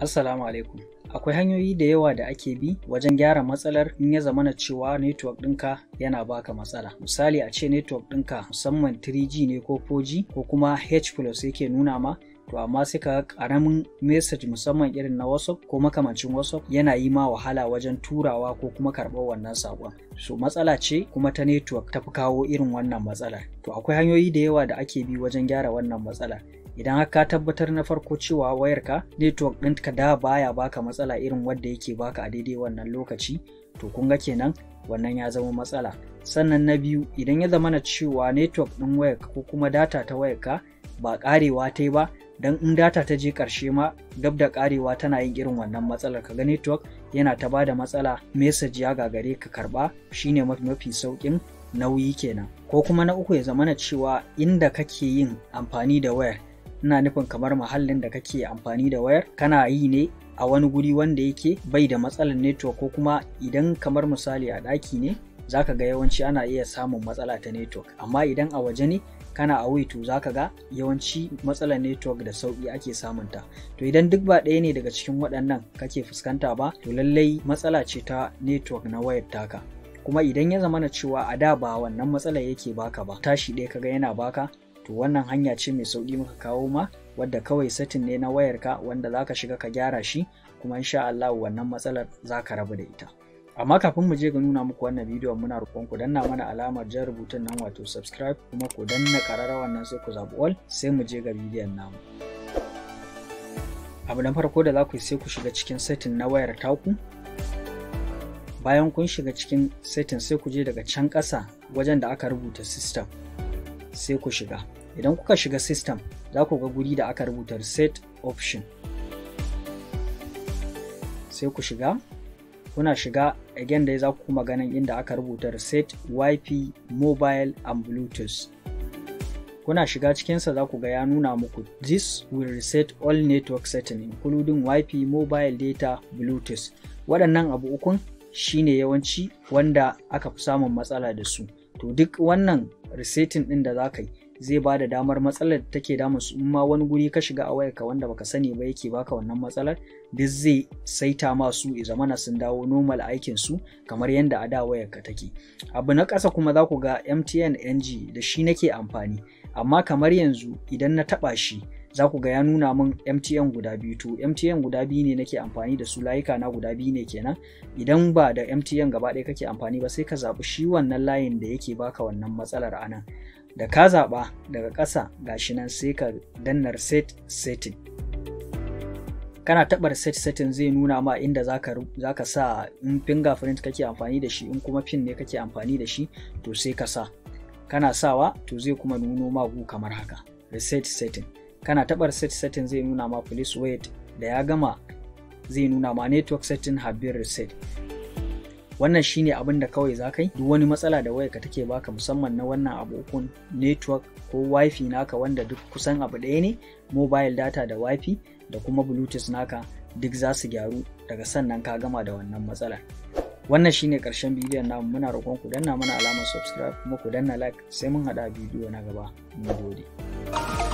Assalamu alaikum. Akwai hanyoyi da yawa da ake bi wajen gyara matsalar in ya zamana cewa network ɗinka yana baka matsala. Misali a ce network ɗinka musamman 3G ne ko 4G ko kuma H+ yake nuna ma to amma sai ka karamin message musamman irin na WhatsApp ko makamancin WhatsApp yana yi ma wahala wajen turawa ko kuma karɓar wannan saƙon. So matsala ce kuma ta network ta fi kawo irin wannan matsalar. To akwai hanyoyi da yawa da ake bi wajen gyara wannan matsalar. idan ka tabbatar na farko cewa wayarka network ka da baya baka matsala irin wadda yake baka a daidai wannan lokaci to kun ga kenan wannan ya zama matsala sannan na biyu idan ya zama na cewa network ɗin wayarka ko kuma data ta wayarka ba ƙarewa ta ba don in data ta je ƙarshe ma gab da ƙarewa tana yin irin wannan matsalar kaga network yana ta bada matsala message ya gagare ka karɓa shine mafi mafi sauƙin nauyi kenan ko kuma na uku ya zamana cewa inda kake yin amfani da wayar ina nufin kamar mahallin da kake amfani da wayar kana yi ne a wani guri wanda yake bai da matsalar network ko kuma idan kamar misali a ɗaki ne zaka ga yawanci ana iya samun matsala ta network amma idan a waje ne kana a to zaka ga yawanci matsalar network da sauki ake samunta to idan duk ba ɗaya ne daga cikin waɗannan kake fuskanta ba to lallai matsala ce ta network na wayar taka kuma idan ya zamana cewa a da ba wannan matsalar yake baka ba tashi ɗaya kaga yana baka to wannan hanya ce mai sauƙi muka kawo ma wadda kawai setting ne na wayarka wanda zaka shiga ka gyara shi kuma insha Allah wannan matsalar zaka rabu da ita amma kafin mu je ga nuna muku wannan bidiyon muna roƙon ku danna mana alamar jan rubutun nan wato subscribe kuma ku danna ƙararrawan nan sai ku zaɓi all sai mu je ga bidiyon namu abu na farko da za ku sai ku shiga cikin setting na wayar taku bayan kun shiga cikin setin sai ku je daga can ƙasa wajen da aka rubuta system sai ku shiga idan kuka shiga system za ku ga guri da aka rubuta set option sai ku shiga kuna shiga again dai za ku kuma ganin inda aka rubuta set wifi mobile and bluetooth kuna shiga cikinsa za ku ga ya nuna muku this will reset all network settings including wifi mobile data bluetooth waɗannan abu ukun shine yawanci wanda aka fi samun matsala da su to duk wannan resetting din da za ka yi zai ba da damar matsalar da take damun su ma wani guri ka shiga a wayarka wanda baka sani ba yake baka wannan matsalar duk zai saita ma su i zamana sun dawo normal aikin su kamar yadda a da wayarka take abu na ƙasa kuma za ku ga mtn ng da shi nake amfani amma kamar yanzu idan na taɓa shi za ku ga ya nuna min MTN guda biyu to MTN guda biyu ne nake amfani da su layuka na guda biyu ne kenan idan ba da MTN gaba ɗaya kake amfani ba sai ka zaɓi shi wannan layin da yake baka wannan matsalar anan da ka zaɓa daga ƙasa gashi nan sai ka danna reset setting kana taɓa reset setting zai nuna ma inda zaka ka sa in fingerprint kake amfani da shi in kuma pin ne kake amfani da shi to sai ka sa kana sawa to zai kuma nuno magu kamar haka reset setting kana tabar set setting zai nuna ma police wait da ya gama zai nuna ma network setting have been reset wannan shine abin da kawai za ka yi duk wani matsala da wayarka take baka musamman na wannan abokun network ko wifi naka wanda duk kusan abu ɗaya ne mobile data da wifi da kuma bluetooth naka duk za su gyaru daga sannan ka gama da wannan matsalar wannan shine karshen bidiyon namu muna roƙon ku danna mana alamar subscribe kuma ku danna like sai mun haɗa bidiyo na gaba mu gode